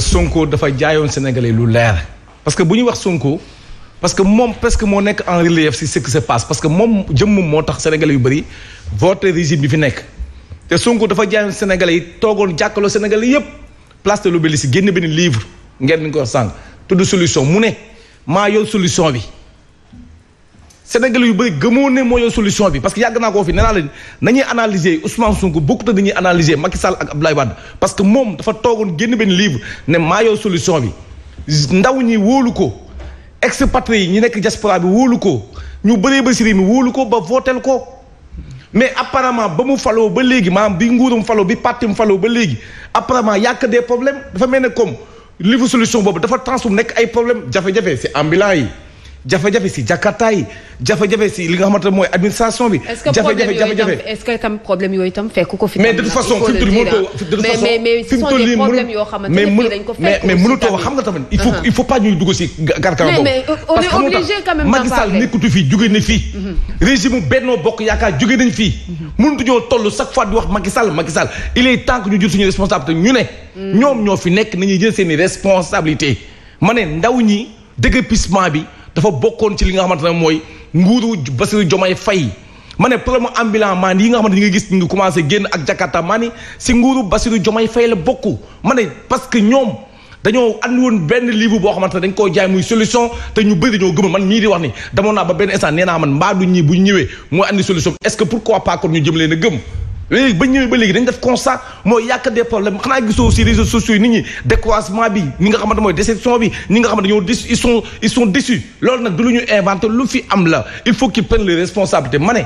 Sonko dafa jaayoon Sénégalais lu leer parce que bu ñuy wax Sonko parce que moom que moo nekk en relief si ce qui se passe parce que moom jëmm moo tax Sénégalais yu bëri vote régime bi fi nekk te Sonko dafa jaayoon Sénégalais yi toogoon jàkkaloo Sénégalais yépp place de si génn benn livre ngeen ni ko sànq tudd solution mu ne maa yor solution bi sénégal yu bëri gëmoon ne moo yor solution bi parce que yàgg naa koo fi nee naa leen nañuy analyser Ousmane Sonko bokkut dañuy analyser Macky Sall ak Abdoulaye Wade parce que moom dafa toogoon génn benn livre ne maa yor solution bi ndaw ñi wóolu ko expatriés yi ñu nekk diaspora bi wóolu ko ñu bëree ba si réew mi wóolu ko ba votel ko mais apparement ba mu faloo ba léegi maanaam bi nguuram faloo bi parti mu faloo ba léegi apparemment yàq des problème dafa mel ne comme livre solution boobu dafa transforme nekk ay problème jafe-jafe si yi jafe-jafe si jakarta yi jafe-jafe si li nga xamante ne mooy administration bi. jafe-jafe jafe-jafe est-ce que tam problème yooyu tam ko fi. mais de toute façon fi mu toll nii mënatoo mais mais mais mënatoo xam nga tamit. il faut il faut pas ñuy dugg si gargaar fii jóge na fii. Mhm. régime Benno mhm. fois di wax Macky Sall Macky Sall il est temps que ñu jël suñu responsabilité ne. Mhm. ñoom ñoo fi nekk nañuy jël seeni responsabilité ma ne ndaw ñi déguerpissement bi dafa bokkoon ci li nga xamante ne mooy nguuru Bassirou Diomaye Faye ma ne problème mu ambulant maan yi nga xamante ni nga gis nga ngi commencé génn ak Jakarta maa ni si nguuru Bassirou Diomaye fay la bokk ma ne parce que ñoom dañoo andi woon benn livre boo xamante ne dañ koo jaay muy solution te ñu bëri dañoo gëmul man ñii di wax ni damoon naa ba benn instant nee naa man mbaa du ñii bu ñëwee mooy andi solution est-ce que pourquoi pas kon ñu jëm leen a gëm léegi ba ñëwee ba léegi dañ def constat mooy yàq des problèmes xanaa gisoo si réseaux sociaux yi nit ñi découragement bi ñi nga xamante mooy déception bi ñi nga xamante ñoo dis ils sont ils loolu nag du lu ñu inventé lu fi am la il faut qu'ils prennent les responsabilités ma ne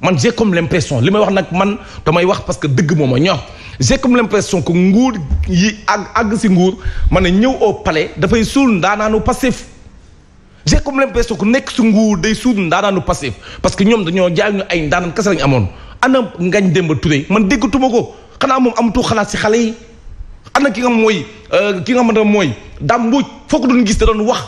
man j'ai comme l'impression li may wax nag man damay wax parce que dëgg moom a ñor j'ai comme l'impression que nguur yi àgg àgg si nguur ma ne ñëw oo pale dafay suul ndaanaanu passif j'ai comme l'impression que nekk si nguur day suul ndaanaanu passif parce que ñoom dañoo jaay ñu kese lañ amoon ana Ngagne Demba Touré man déggatuma ko xanaa moom amatu xalaat si xale yi ana ki nga mooy euh, ki nga xamante ne mooy Dame Mbodj foog duñ gis da doon wax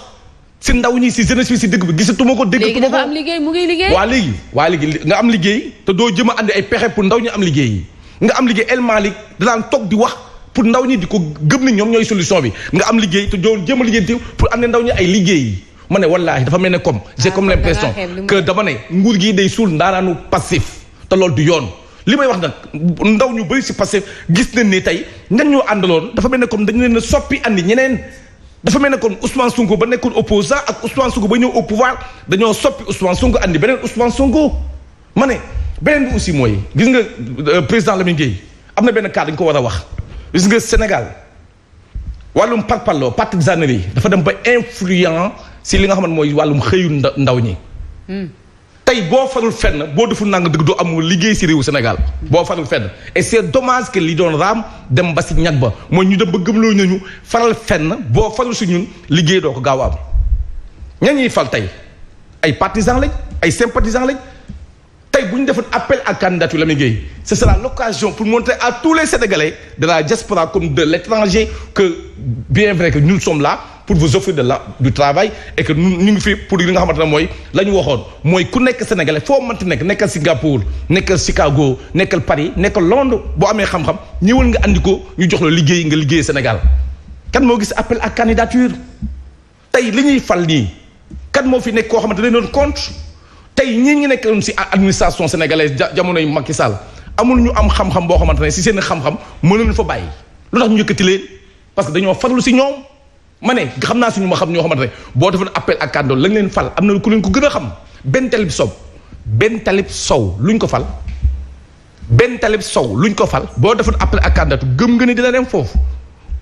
si ndaw ñi si jeunesse bi si dëgg bi gisatuma ko. déggatuma ko léegi dafa am liggéey mu ngi liggéey. waa léegi waa léegi nga am liggéey te doo jëm a andi ay pexe pour ndaw ñi am liggéey yi nga am liggéey El Malick da daan toog di wax. pour ndaw ñi di ko gëm ni ñoom ñooy solution bi nga am liggéey te doon jéem a liggéey pour am ne ndaw ñi ay liggéey ma ne wallaahi dafa mel ne comme j'ai ah, comme l'impression que dama ne nguur gi day suul ndaaraanu passif te loolu du yoon li may wax nag ndaw ñu bëri si passé gis nañ ni tey ñan ñoo àndaloon dafa mel ne comme dañu leen a soppi andi ñeneen dafa mel ne kon Ousmane Sonko ba nekkoon opposant ak Ousmane Sonko ba ñëw au pouvoir dañoo soppi Ousmane Sonko andi beneen Ousmane Sonko ma ne beneen bi aussi mooy gis nga euh, président Lamine Gueye am na benn cas dañ ko war a wax gis nga Sénégal wàllum parparloo partisanerie dafa dem ba influent si li nga xamante mooy wàllum xëyu ndaw ñi hmm. tey boo farul fenn boo deful nang dëgg doo amul liggéey si réew Sénégal boo farul fenn et c' est dommage que li doon raam dem ba si ñag ba mooy ñu dem ba gëmloo nañu faral fenn boo farul si ñun liggéey doo ko gaaw am ña ñuy fal tey ay partisans lañ ay sympathisants lañ tey bu ñu defoon appel à candidature Lamine Gueye ce sera l'occasion pour montrer à tous les Sénégalais de la diaspora comme de l' étranger que bien vrai que ñun sommes la pour vous offrir de la du travail et que ñu ngi fi pour li nga xamante ne mooy la ñu waxoon mooy ku nekk sénégalais foo mënti nekk nekkal Singapour nekkal Chicago nekkal Paris nekkal Londres boo amee xam-xam ñëwal nga andi ko ñu jox la liggéey nga liggéey Sénégal kan moo gis appel à candidature tey li ñuy fal nii kan moo fi nekk koo xamante ne doon compte tey ñi ngi nekkoon si administration sénégalaise jamonoy Macky Sall amul ñu am xam-xam boo xamante ne si seen xam-xam mënuñu fa bàyyi ma ne xam naa suñu ma xam ñoo xamante ne boo defoon appel ak kàddu lañ leen fal am na ku leen ko gën a xam benn talib sow benn talib sow luñ ko fal benn talib sow luñ ko fal boo defoon appel ak kàddu gëm nga ni dina dem foofu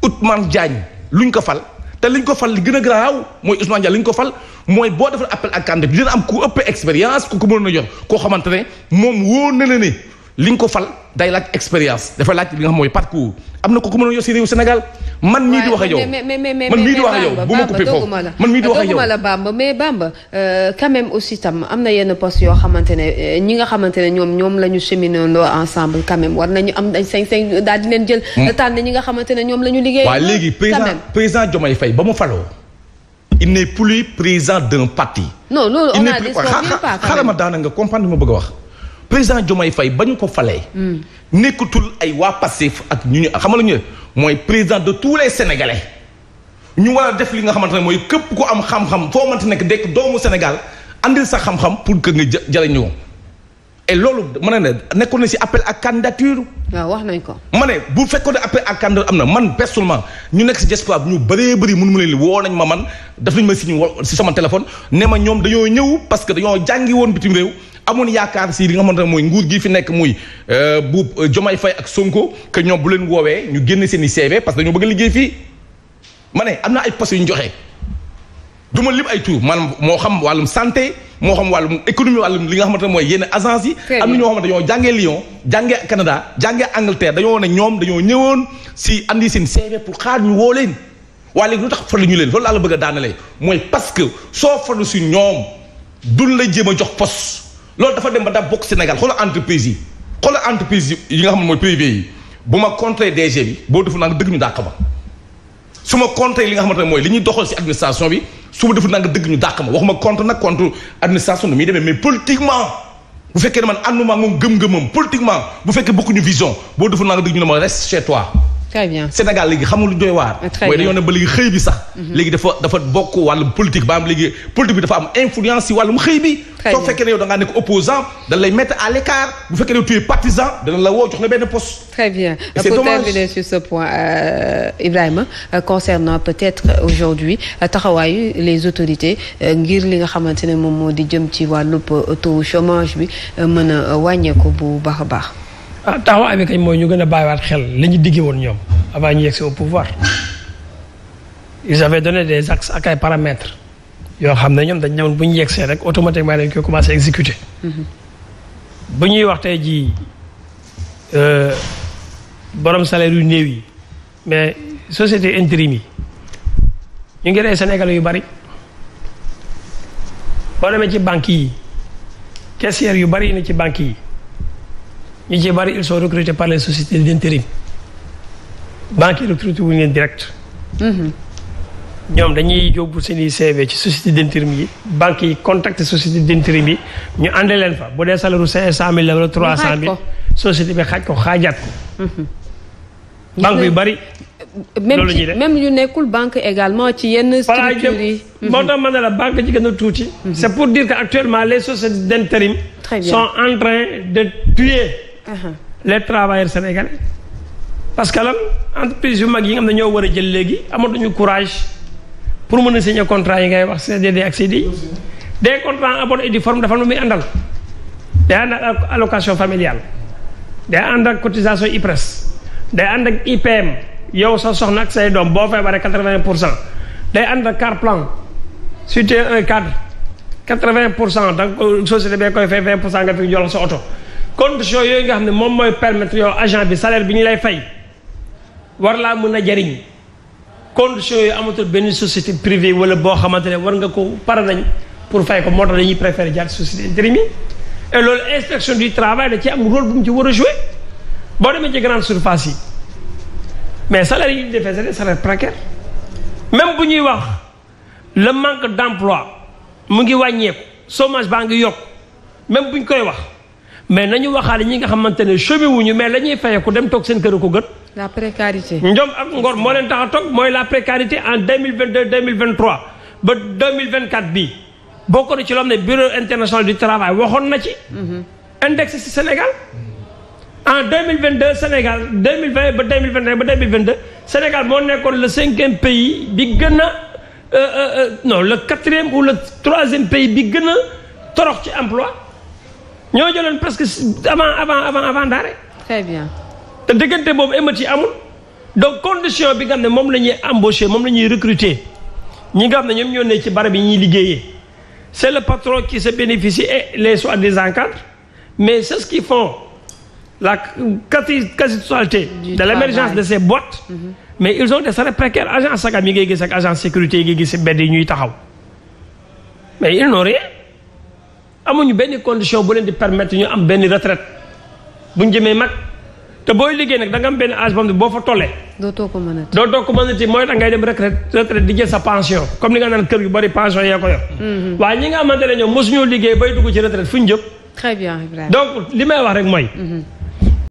Ousmane Diagne luñ ko fal te liñ ko fal li gën a garaaw mooy Ousmane Diagne liñ ko fal mooy boo defoon appel ak kàddu dina am ku ëpp expérience ku ko mënoon a yor koo xamante ne moom wóor na la ne liñ ko fal day laaj expérience dafay laaj li nga xam mooy parcours am na ku ko mënoon yor si réew Sénégal. man mii di wax ak yow man mii di wax ak yow bu ma coupé foofu man mii di aussi tam am na yenn poste yoo xamante ne euh, ñi nga xamante ne ñoom ñoom la ñu cheminandoo ensemble quand même war nañu am dañ sañ sañ daal di leen jël hmm. tànn ñi nga xamante ne ñoom la ñu liggéey waaw léegi président président ba mu faloo il n'est plus président d'un parti non loolu on a discuté pas xaaral ma daana nga comprendre ma bëgg wax président Diomaye Faye ba ñu ko falee hmm. nekkatul ay waa Pastef ak ñu ñu xam nga la ñu mooy président de tous les sénégalais ñu war a def li nga xamante ne mooy képp ku am xam-xam foo mënti nekk dekk doomu Sénégal andil sa xam-xam pour que nga jëriñoo et loolu ma ne nekkoon na si appel à candidature. waaw wax nañ ko. ma ne bu fekkoon ne appel à candidature am na man personnellement ñu nekk si diaspora bi ñu bëree bëri mënu ma woo nañ ma man def nañ ma si ñu si sama téléphone ne ma ñoom dañoo ñëw parce que dañoo jàngi woon bitim réew. amoon yaakaar si li nga xamante ne mooy nguur gi fi nekk muy euh, bu euh, Diomaye fay ak Sonko que ñoom bu leen woowee ñu génn seen i parce que dañoo bëgg liggéey fii ma ne am naa ay pos yu ñu joxe du ma lim ay tur maanaam moo xam wàllum santé moo xam wàllum économie wàllum li nga xamante ne mooy yenn agence yi am na ñoo xamante ñoo jàngee Lyon jàngee Canada jàngee Angleterre dañoo ne ñoom dañoo ñëwoon si andi seen CV pour xaar ñu woo leen waaye léegi lu tax farlu ñu leen loolu laa bëgg a daanale mooy parce que soo farlu si ñoom dun la jéem a jox poste loolu dafa dem ba daal bokk Sénégal xoolal entreprise yi xoolal entreprise yi nga xam ne mooy privé yi bu ma contrer DG bi boo defu nanga dëgg ñu dàq ma su ma yi li nga xamante ne mooy li ñuy doxal si administration bi su ma defu nanga dëgg ñu dàq ma waxuma contre nag contre administration nu muy demee mais politiquement bu fekkee ne man ànduma moom gëm-gëmam politiquement bu fekkee bokkuñu vision boo defu nanga dëgg ñu ne ma reste chez toi très bien Sénégal léegi xamul lu doy ah, bi sax. Mhm. léegi dafa dafa bokk wàllum politique ba am léegi politique bi dafa am influence si wàllum xëy bi. soo fekkee ne yow da ngaa nekk opposant dañ lay mettre à l'écart bu fekkee ne tu es partisan dana la woo jox la benn poste. très bien pour euh, Ibrahima euh, concernant peut-être euh, aujourd'hui taxawaayu les autorités ngir li nga xamante ne moom moo di jëm ci wàllub taux chômage bi mën a wàññeeku bu baax a baax. ah taxawaay bi kañ mooy ñu gën a bàyyiwaat xel li ñu diggee woon ñoom avant ñu yegg si au pouvoir ils avaient donné des axes ak ay paramètres. yoo xam ne ñoom dañ ñëwoon bu ñu yegsee rek automatiquement dañ koy commencé exécuter mhm. bu ñuy wax tey jii euh, borom salaire yu néew yi mais société intérim yi ñu ngi rey Sénégalais yu bari boo demee ci banque yi caissières yu bari yi ci banque yi ñu ci bari ils sont recrutés par les sociétés d'intérim banques yi recruté wuñu leen direct. Mhm. ñoom dañuy yóbbu seeni CV ci société d'intérim yi banque yi contacté société d'intérim yi ñu àndi leen fa bu dee salaire cinq cent mille la wala trois cent mille société bi xaaj ko xaajaat mhm. banque yu bari loolu ñuy def même yu nekkul banque également ci yenn structures yi mhm. moo tax ma ne la banque ci gën a tuuti mhm. c'est pour dire que actuellement les sociétés d'intérim son en train de tuer uh-huh. les travailleurs sénégalais parce que lan entreprise yu mag yi nga xam ne ñoo war a jël léegi amatuñu courage pour mun a signer contrat yi ngay wax CDD ak CDI des contrats en bonne dafa nu muy àndal day ànd ak allocation familial day ànd ak cotisation IPRES day ànd ak IPM yow sa soxna ak say doom boo feebaree quatre-vingt pour cent day ànd ak car plan si tu es un cadre quatre-vingt pour cent da nga euh, société bee koy fay vingt pour cent nga fi jolal sa oto condition yooyu nga xam ne moom mooy permettre yow agent bi salaire bi ñu lay fay war laa mën a jariñ conditions yi amatul benn société privée wala boo xamante ne war nga ko pare nañ pour fay ko moo tax dañuy préféré jaar société intérim yi et loolu inspection du travail da ci am rôle bu mu war a jouer boo demee ci grande surface yi mais salaire yi ñu defee c'est des salaires précaires même bu ñuy wax le manque d'emploi mu ngi wàññeeku somage baa ngi yokk même bu ñu koy wax mais nañu waxaale ñi nga xamante ne chemin wuñu mais la ñuy fayeku dem toog seen kër ko gën. la précarité. njom ak ngor moo leen tax a toog mooy la précarité en deux mille vingt deux deux mille vingt trois ba bi mille vingt quatre bii na ci loo xam ne bureau international du travail waxoon na ci. Mhm. index ci Sénégal. en mille vingt deux Sénégal deux mille vingt ba deux mille vingt et un ba deux mille vingt deux Sénégal moo nekkoon le cinquième pays bi gën a euh, euh, euh, non le quatrième ou le troisième pays bi gën a torox ci emploi. ñoo jëloon presque avant avant avant avant daare très bien te diggante boobu émeute yi amul donc condition bi nga ne moom la ñuy embaucher moom la ñuy recruter ñi nga xam ne ñoom ñoo ne ci barab bi ñuy liggéeye c' est le patron qui se bénéficie et les soi-disant cadres mais c'est ce qu'ils font la quasi quasi totalité l' émergence de ces mm-hmm. mais ils ont des salaires précaires agent sagam yi ngay gis ak agent sécurité yi ngay gis mbedd yi ñuy taxaw mais ils n'ont rien amuñu benn condition bu leen di permettre ñu am benn retraite bu ñu jëmee mag te booy liggéey nag da nga am benn âge boo boo fa tollee. dootoo ko mën a ti dootoo ko mooy tax ngay dem retraite retraite di jël sa pension comme ni nga naan kër yu bari pension yaa ko yor. Mm-hmm. waaye ñi nga xamante ne ñoom mosuñoo liggéey bay dugg ci retraite fu ñu jëm. très bien donc li may wax rek mooy. Mm-hmm.